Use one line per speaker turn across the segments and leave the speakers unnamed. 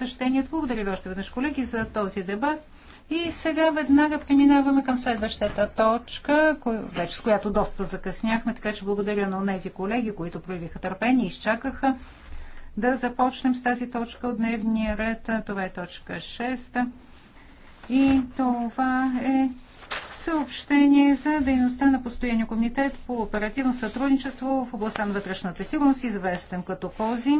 посещението. Благодаря ви още веднъж, колеги, за този дебат. И сега веднага преминаваме към следващата точка, вече с която доста закъсняхме, така че благодаря на тези колеги, които проявиха търпение и изчакаха да започнем с тази точка от дневния ред. Това е точка 6. И това е съобщение за дейността на постоянния комитет по оперативно сътрудничество в областта на вътрешната сигурност, известен като КОЗИ.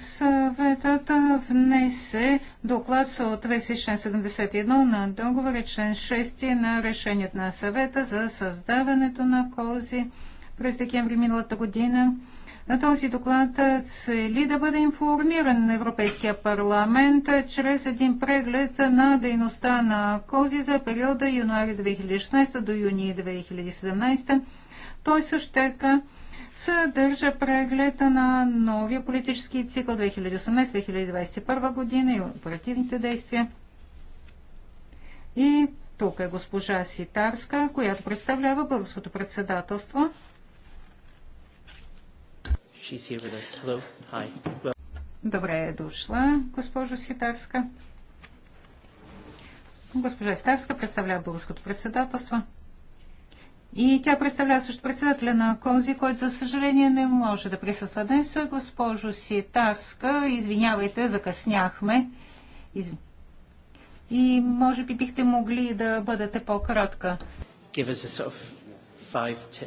Съветът внесе доклад съответствие с член 71 на договора, член 6 е на решението на съвета за създаването на кози през декември миналата година. На този доклад цели да бъде информиран на Европейския парламент чрез един преглед на дейността на КОЗИ за периода януари 2016 до юни 2017. Той също така съдържа прегледа на новия политически цикъл 2018-2021 година и оперативните действия. И тук е госпожа Ситарска, която представлява българското председателство. Добре е дошла, госпожо Ситарска. Госпожа Ситарска представлява българското председателство. И тя представлява също председателя на Конзи, който за съжаление не може да присъства днес. Госпожо Ситарска, извинявайте, закъсняхме. Из... И може би бихте могли да бъдете по-кратка.
Sort of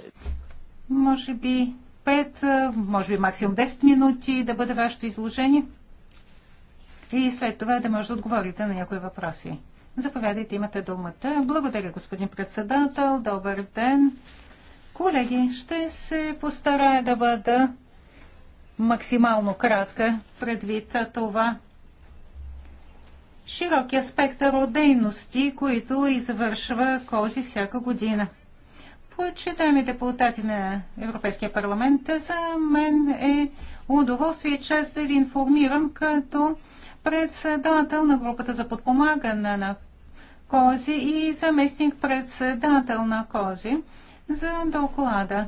може би 5, може би максимум 10 минути да бъде вашето изложение. И след това да може да отговорите на някои въпроси. Заповядайте, имате думата. Благодаря, господин председател. Добър ден. Колеги, ще се постарая да бъда максимално кратка предвид това широкия спектър от дейности, които извършва Кози всяка година. Почитаме депутати на Европейския парламент, за мен е удоволствие и чест да ви информирам като председател на групата за подпомагане на Кози и заместник-председател на Кози за доклада.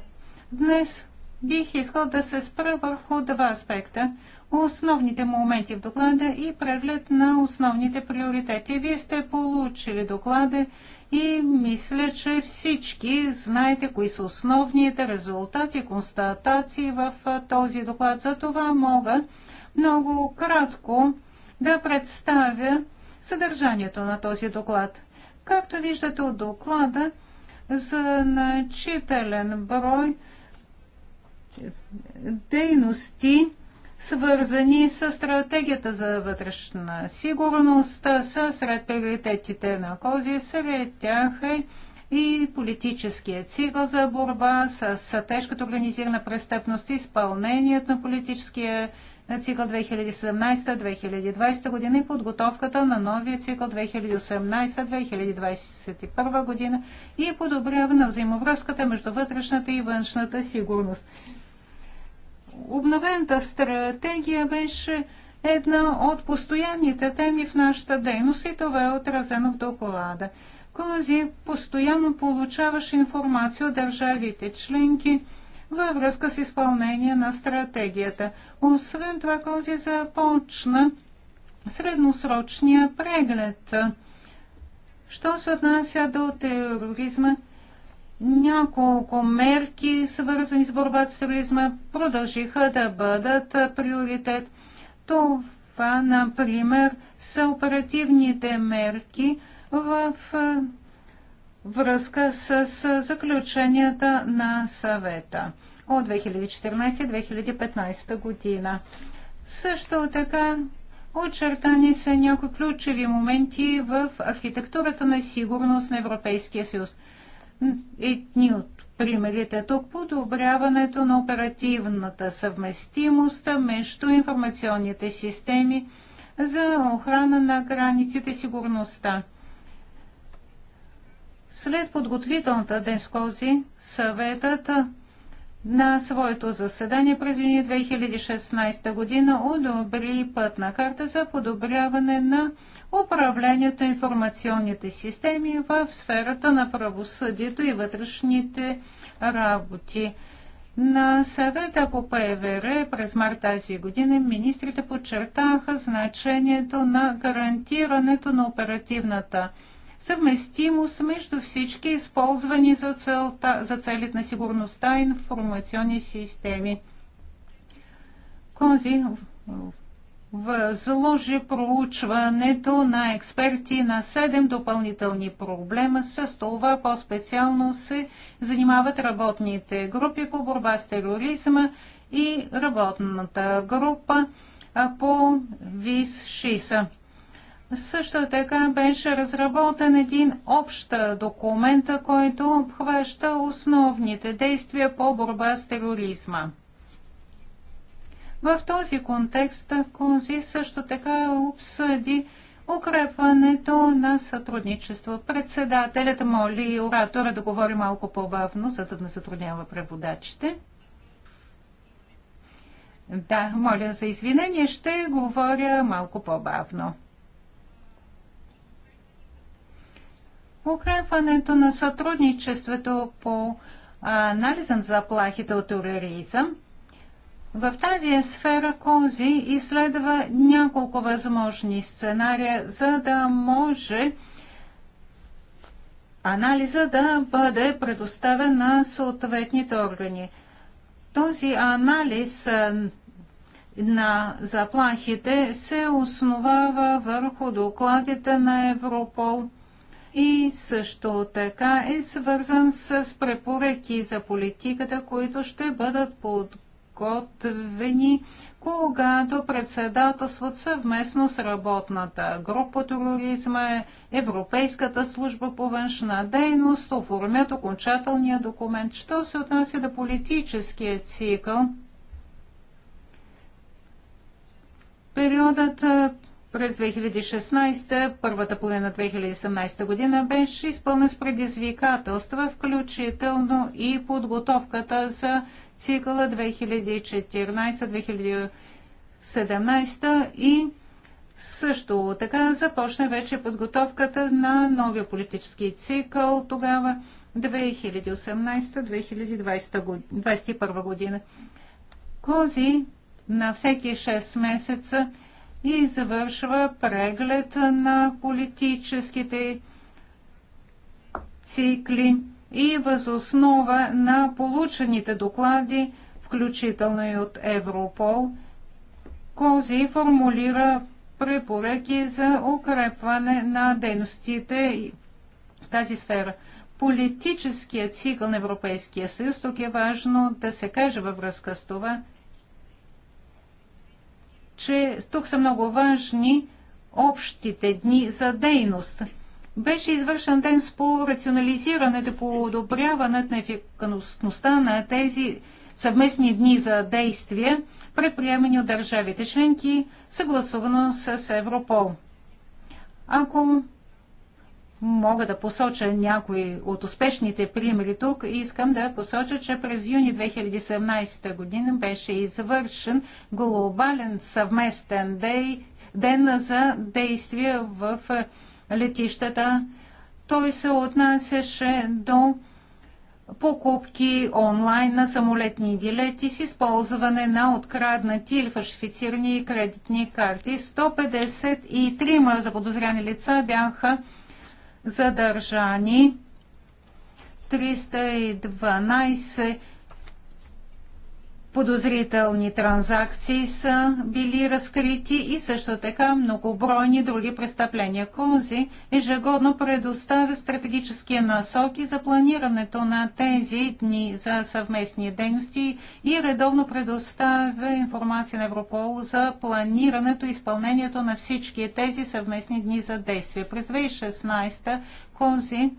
Днес бих искал да се спра върху два аспекта основните моменти в доклада и преглед на основните приоритети. Вие сте получили доклада и мисля, че всички знаете кои са основните резултати, констатации в този доклад. За това мога много кратко да представя съдържанието на този доклад. Както виждате от доклада, значителен брой дейности, свързани с стратегията за вътрешна сигурност, са сред приоритетите на Кози. Сред тях е и политическия цикъл за борба с тежката организирана престъпност, изпълнението на политическия на цикъл 2017-2020 година и подготовката на новия цикъл 2018-2021 година и подобряване на взаимовръзката между вътрешната и външната сигурност. Обновената стратегия беше една от постоянните теми в нашата дейност и това е отразено в доклада. Кози постоянно получаваше информация от държавите членки – във връзка с изпълнение на стратегията. Освен това, Кози започна средносрочния преглед. Що се отнася до тероризма, няколко мерки, свързани с борбата с тероризма, продължиха да бъдат приоритет. Това, например, са оперативните мерки в връзка с заключенията на съвета от 2014-2015 година. Също така очертани са някои ключови моменти в архитектурата на сигурност на Европейския съюз. Едни от примерите е тук подобряването на оперативната съвместимост между информационните системи за охрана на границите сигурността. След подготвителната дискусия, съветът на своето заседание през юни 2016 година одобри пътна карта за подобряване на управлението на информационните системи в сферата на правосъдието и вътрешните работи. На съвета по ПВР през март тази година министрите подчертаха значението на гарантирането на оперативната съвместимост между всички използвани за, целта, за целите на сигурността и информационни системи. Кози възложи проучването на експерти на 7 допълнителни проблема. С това по-специално се занимават работните групи по борба с тероризма и работната група по ВИС-6. Също така беше разработен един общ документ, който обхваща основните действия по борба с тероризма. В този контекст Конзи също така обсъди укрепването на сътрудничество. Председателят моли оратора да говори малко по-бавно, за да не затруднява преводачите. Да, моля за извинение, ще говоря малко по-бавно. Укрепването на сътрудничеството по анализа на заплахите от тероризъм. В тази сфера Кози изследва няколко възможни сценария, за да може анализа да бъде предоставен на съответните органи. Този анализ на заплахите се основава върху докладите на Европол – и също така е свързан с препоръки за политиката, които ще бъдат подготвени, когато председателстват съвместно с работната група тероризма, Европейската служба по външна дейност оформят окончателния документ. Що се отнася до политическия цикъл? Периодът през 2016, първата половина на 2017 година беше изпълнен с предизвикателства, включително и подготовката за цикъла 2014-2017 и също така започна вече подготовката на новия политически цикъл тогава 2018-2021 година. Кози на всеки 6 месеца и завършва преглед на политическите цикли и възоснова на получените доклади, включително и от Европол, Кози формулира препоръки за укрепване на дейностите и тази сфера. Политическият цикъл на Европейския съюз, тук е важно да се каже във връзка с това – че тук са много важни общите дни за дейност. Беше извършен ден по рационализирането и подобряването на ефикасността на тези съвместни дни за действия, предприемани от държавите членки, съгласувано с Европол. Ако мога да посоча някои от успешните примери тук. Искам да посоча, че през юни 2017 година беше извършен глобален съвместен дей, ден за действия в летищата. Той се отнасяше до покупки онлайн на самолетни билети с използване на откраднати или фашифицирани кредитни карти. 153 заподозряни лица бяха задържани 312 подозрителни транзакции са били разкрити и също така многобройни други престъпления. Конзи ежегодно предоставя стратегически насоки за планирането на тези дни за съвместни дейности и редовно предоставя информация на Европол за планирането и изпълнението на всички тези съвместни дни за действие. През 2016 Конзи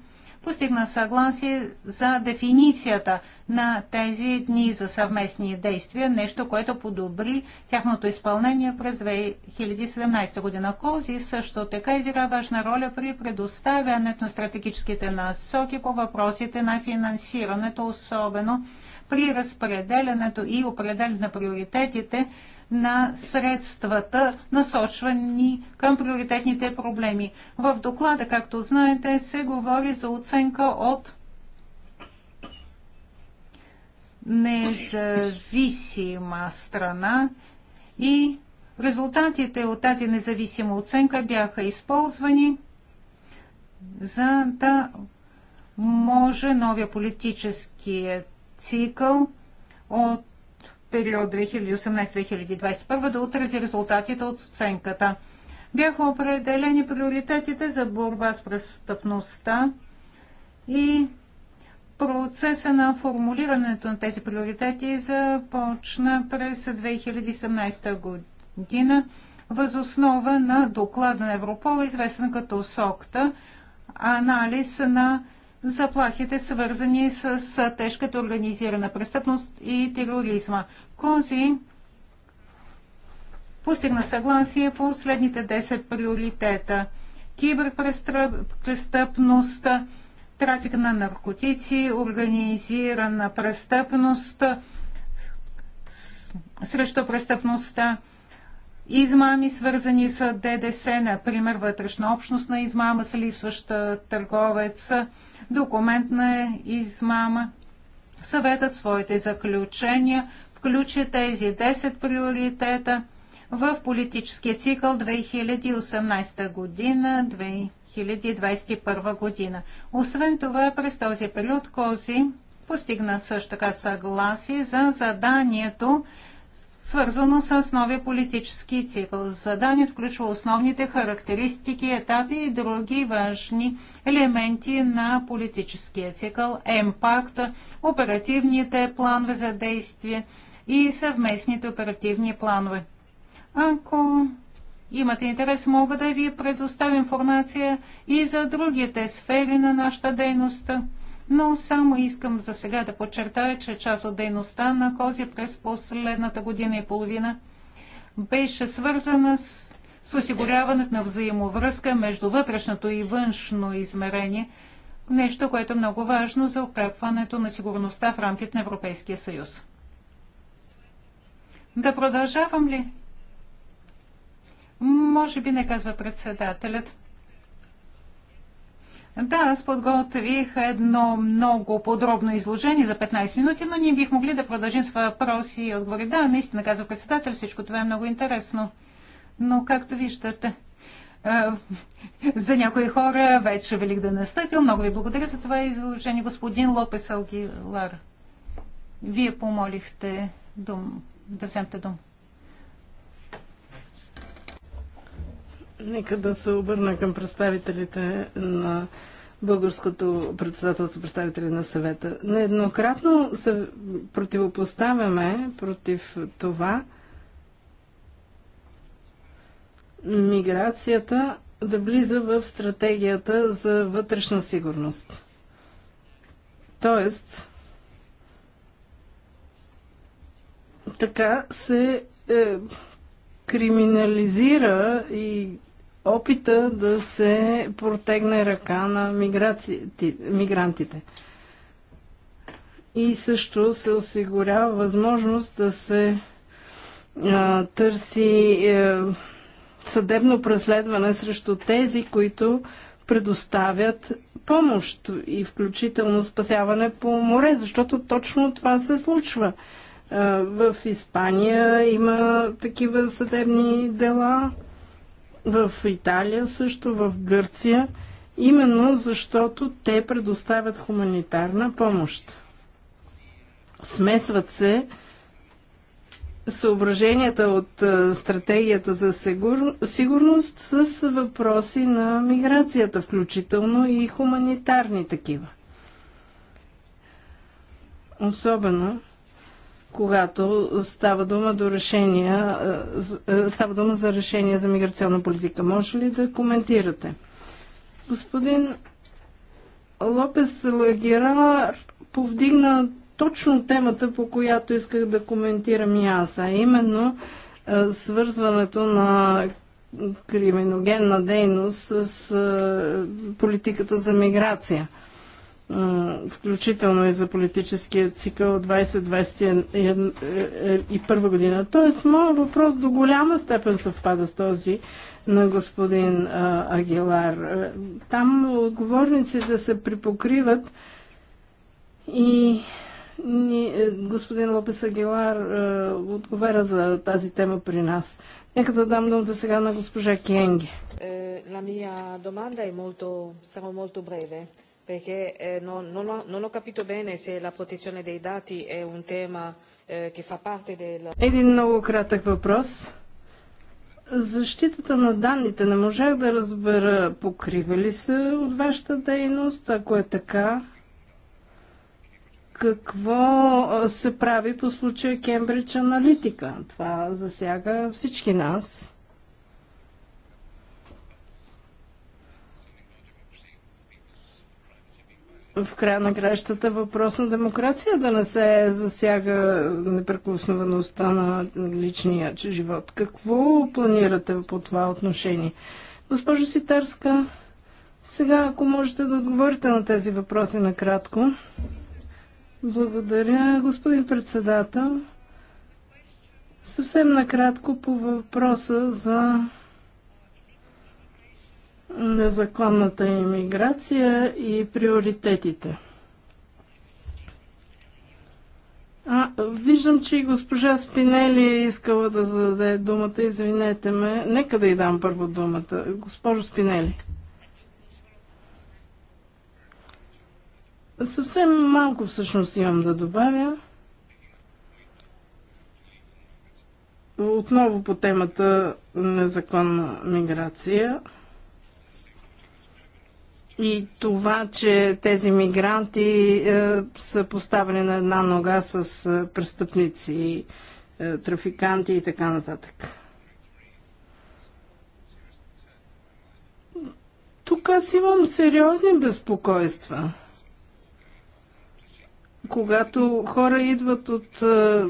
постигна съгласие за дефиницията на тези дни за съвместни действия, нещо, което подобри тяхното изпълнение през 2017 година. Кози също така изира важна роля при предоставянето на стратегическите насоки по въпросите на финансирането, особено при разпределянето и определянето на приоритетите на средствата, насочвани към приоритетните проблеми. В доклада, както знаете, се говори за оценка от независима страна и резултатите от тази независима оценка бяха използвани за да може новия политически цикъл от период 2018-2021 да отрази резултатите от оценката. Бяха определени приоритетите за борба с престъпността и процеса на формулирането на тези приоритети започна през 2017 година възоснова на доклада на Европола, известен като СОКТА, анализ на заплахите, свързани с тежката организирана престъпност и тероризма. Кози постигна съгласие по следните 10 приоритета. Киберпрестъпност, трафик на наркотици, организирана престъпност, срещу престъпността, измами, свързани с ДДС, например вътрешна общност на измама с липсваща търговец, документна измама. Съветът своите заключения включи тези 10 приоритета в политическия цикъл 2018 година 2021 година. Освен това, през този период Кози постигна също така съгласие за заданието свързано с новия политически цикъл. Заданието включва основните характеристики, етапи и други важни елементи на политическия цикъл, емпакта, оперативните планове за действие и съвместните оперативни планове. Ако имате интерес, мога да ви предоставя информация и за другите сфери на нашата дейност – но само искам за сега да подчертая, че част от дейността на Кози през последната година и половина беше свързана с, с осигуряването на взаимовръзка между вътрешното и външно измерение, нещо, което е много важно за укрепването на сигурността в рамките на Европейския съюз. Да продължавам ли? Може би не казва председателят. Да, аз подготвих едно много подробно изложение за 15 минути, но ние бих могли да продължим с въпроси и отговори. Да, наистина, казва председател, всичко това е много интересно. Но, както виждате, за някои хора вече велик да е настъпил. Много ви благодаря за това изложение, господин Лопес Алгилар. Вие помолихте дум, да вземете дума.
Нека да се обърна към представителите на българското председателство, представители на съвета. Нееднократно се противопоставяме против това миграцията да влиза в стратегията за вътрешна сигурност. Тоест, така се е, криминализира и опита да се протегне ръка на миграци... мигрантите. И също се осигурява възможност да се а, търси а, е, съдебно преследване срещу тези, които предоставят помощ и включително спасяване по море, защото точно това се случва. Е, в Испания има такива съдебни дела в Италия, също в Гърция, именно защото те предоставят хуманитарна помощ. Смесват се съображенията от стратегията за сигурност с въпроси на миграцията, включително и хуманитарни такива. Особено когато става дума, до решения, е, е, става дума за решение за миграционна политика. Може ли да коментирате? Господин Лопес Лагерар повдигна точно темата, по която исках да коментирам и аз, а именно е, свързването на криминогенна дейност с политиката за миграция – включително и за политическия цикъл 2021 година. Тоест, моят въпрос до голяма степен съвпада с този на господин Агилар. Там отговорниците се припокриват и е, господин Лопес Агилар отговаря за тази тема при нас. Нека да дам думата сега на госпожа Кенги. Е, la mia domanda è molto, sarò molto breve perché eh, non, non, ho, non ho capito bene se la protezione dei dati è un tema eh, che fa parte del... Един много кратък въпрос. Защитата на данните не можах да разбера покрива ли се от вашата дейност, ако е така, какво се прави по случая Кембридж Аналитика? Това засяга всички нас. в края на кращата въпрос на демокрация да не се засяга непрекосновеността на личния живот. Какво планирате по това отношение? Госпожо Ситарска, сега ако можете да отговорите на тези въпроси накратко. Благодаря, господин председател. Съвсем накратко по въпроса за незаконната иммиграция и приоритетите. А, виждам, че и госпожа Спинели е искала да зададе думата. Извинете ме. Нека да й дам първо думата. Госпожо Спинели. Съвсем малко всъщност имам да добавя. Отново по темата незаконна миграция и това, че тези мигранти е, са поставени на една нога с е, престъпници, е, трафиканти и така нататък. Тук аз имам сериозни безпокойства. Когато хора идват от е,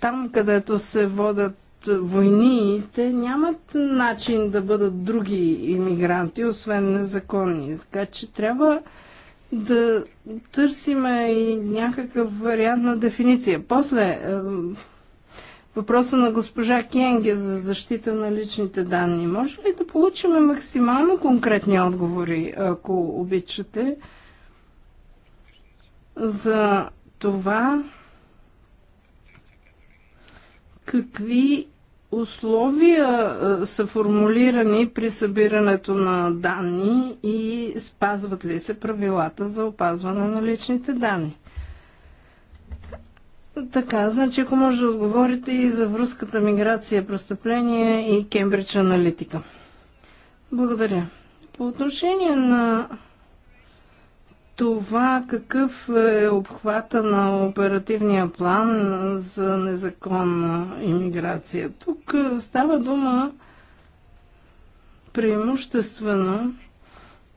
там, където се водят войни, те нямат начин да бъдат други иммигранти, освен незаконни. Така че трябва да търсиме и някакъв вариант на дефиниция. После въпроса на госпожа Кенге за защита на личните данни. Може ли да получим максимално конкретни отговори, ако обичате, за това, какви условия са формулирани при събирането на данни и спазват ли се правилата за опазване на личните данни? Така, значи ако може да отговорите и за връзката миграция, престъпление и Кембридж аналитика. Благодаря. По отношение на това какъв е обхвата на оперативния план за незаконна иммиграция. Тук е, става дума преимуществено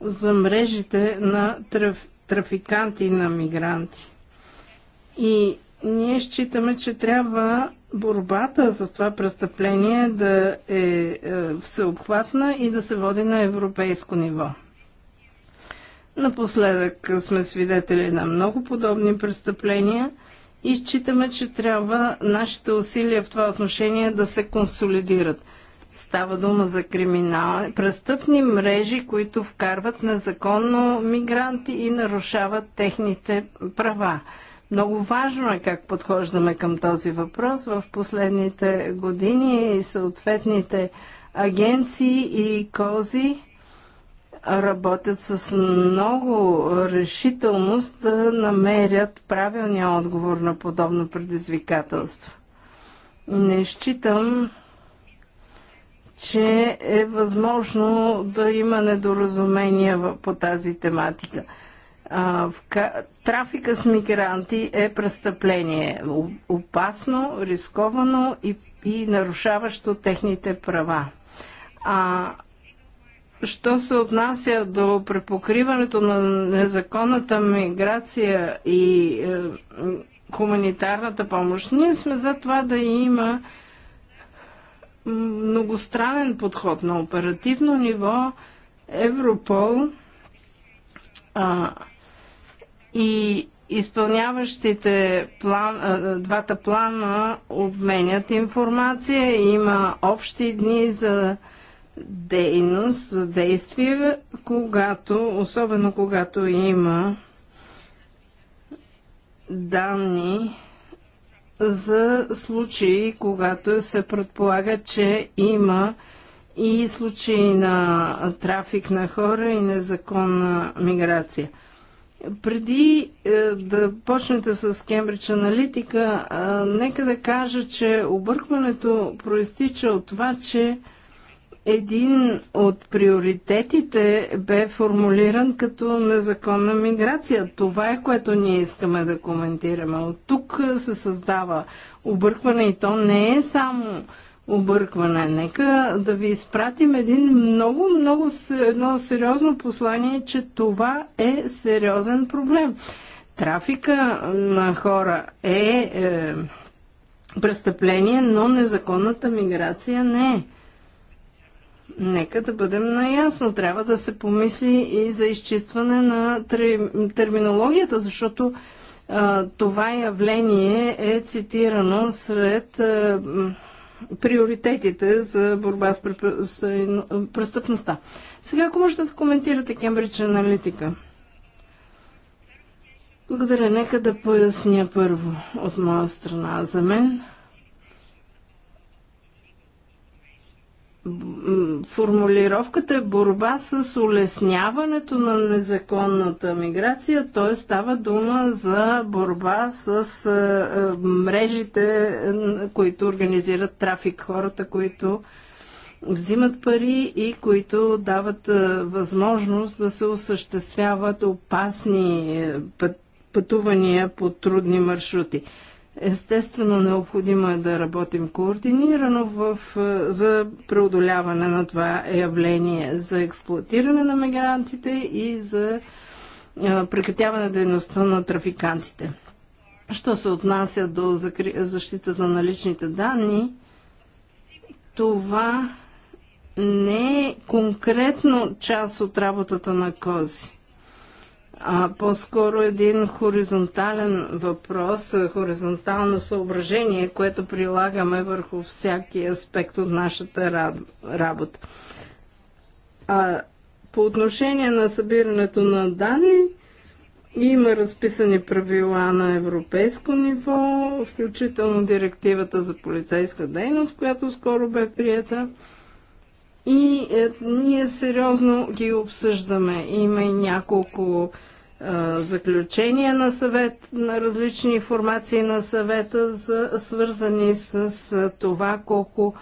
за мрежите на траф... трафиканти на мигранти. И ние считаме, че трябва борбата за това престъпление да е, е всеобхватна и да се води на европейско ниво. Напоследък сме свидетели на много подобни престъпления и считаме, че трябва нашите усилия в това отношение да се консолидират. Става дума за криминални, престъпни мрежи, които вкарват незаконно мигранти и нарушават техните права. Много важно е как подхождаме към този въпрос. В последните години и съответните агенции и кози работят с много решителност да намерят правилния отговор на подобно предизвикателство. Не считам, че е възможно да има недоразумения по тази тематика. Трафика с мигранти е престъпление. Опасно, рисковано и, и нарушаващо техните права. А Що се отнася до препокриването на незаконната миграция и е, хуманитарната помощ, ние сме за това да има многостранен подход на оперативно ниво, Европол а, и изпълняващите план, а, двата плана обменят информация. Има общи дни за дейност, за действие, когато, особено когато има данни за случаи, когато се предполага, че има и случаи на трафик на хора и незаконна миграция. Преди е, да почнете с Кембридж аналитика, е, нека да кажа, че объркването проистича от това, че един от приоритетите бе формулиран като незаконна миграция. Това е което ние искаме да коментираме. От тук се създава объркване и то не е само объркване. Нека да ви изпратим един много, много едно сериозно послание, че това е сериозен проблем. Трафика на хора е, е престъпление, но незаконната миграция не е. Нека да бъдем наясно. Трябва да се помисли и за изчистване на терминологията, защото а, това явление е цитирано сред а, приоритетите за борба с, престъпността. Сега, ако можете да коментирате Кембридж аналитика. Благодаря. Нека да поясня първо от моя страна за мен. формулировката е борба с улесняването на незаконната миграция, т.е. става дума за борба с е, е, мрежите, е, които организират трафик, хората, които взимат пари и които дават възможност да се осъществяват опасни пътувания по трудни маршрути. Естествено, необходимо е да работим координирано в, е, за преодоляване на това явление, за експлуатиране на мигрантите и за е, прекратяване дейността на трафикантите. Що се отнася до защитата на личните данни, това не е конкретно част от работата на Кози а по-скоро един хоризонтален въпрос, е, хоризонтално съображение, което прилагаме върху всяки аспект от нашата работа. А по отношение на събирането на данни, има разписани правила на европейско ниво, включително директивата за полицейска дейност, която скоро бе прията и е, ние сериозно ги обсъждаме. Има и няколко е, заключения на съвет, на различни информации на съвета, за, свързани с, с е, това колко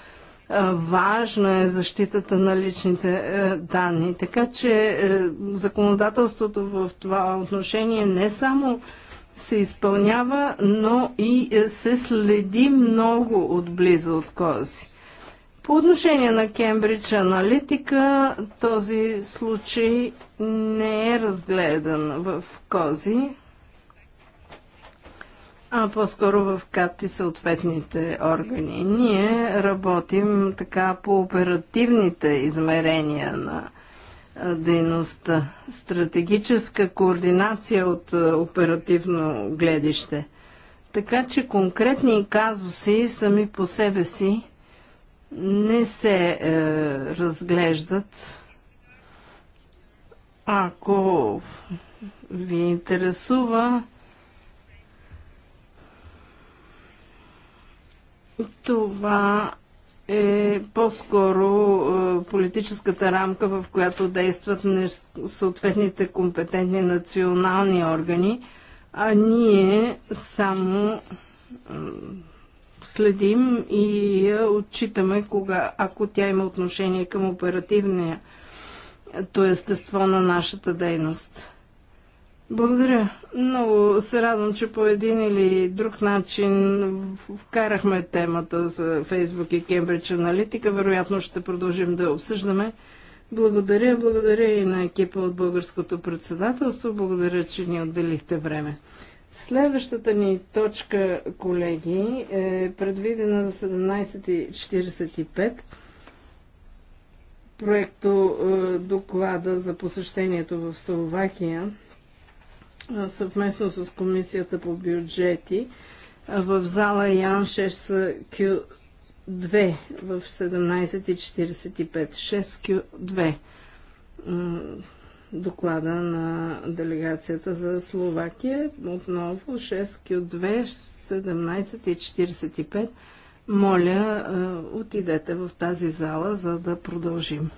е, важна е защитата на личните е, данни. Така че е, законодателството в това отношение не само се изпълнява, но и е, се следи много отблизо от кози. По отношение на Кембридж Аналитика, този случай не е разгледан в Кози, а по-скоро в КАТ и съответните органи. Ние работим така по оперативните измерения на дейността, стратегическа координация от оперативно гледище. Така че конкретни казуси сами по себе си не се е, разглеждат. Ако ви интересува, това е по-скоро е, политическата рамка, в която действат съответните компетентни национални органи, а ние само следим и я отчитаме, кога, ако тя има отношение към оперативния то естество на нашата дейност. Благодаря. Много се радвам, че по един или друг начин вкарахме темата за Фейсбук и Кембридж Аналитика. Вероятно ще продължим да обсъждаме. Благодаря, благодаря и на екипа от Българското председателство. Благодаря, че ни отделихте време. Следващата ни точка, колеги, е предвидена за 17.45. Проекто е, доклада за посещението в Словакия е, съвместно с Комисията по бюджети е, в зала Ян 6Q2 е, в 17.45. 6Q2 доклада на делегацията за Словакия. Отново 6Q2, 17.45. Моля, отидете в тази зала, за да продължим.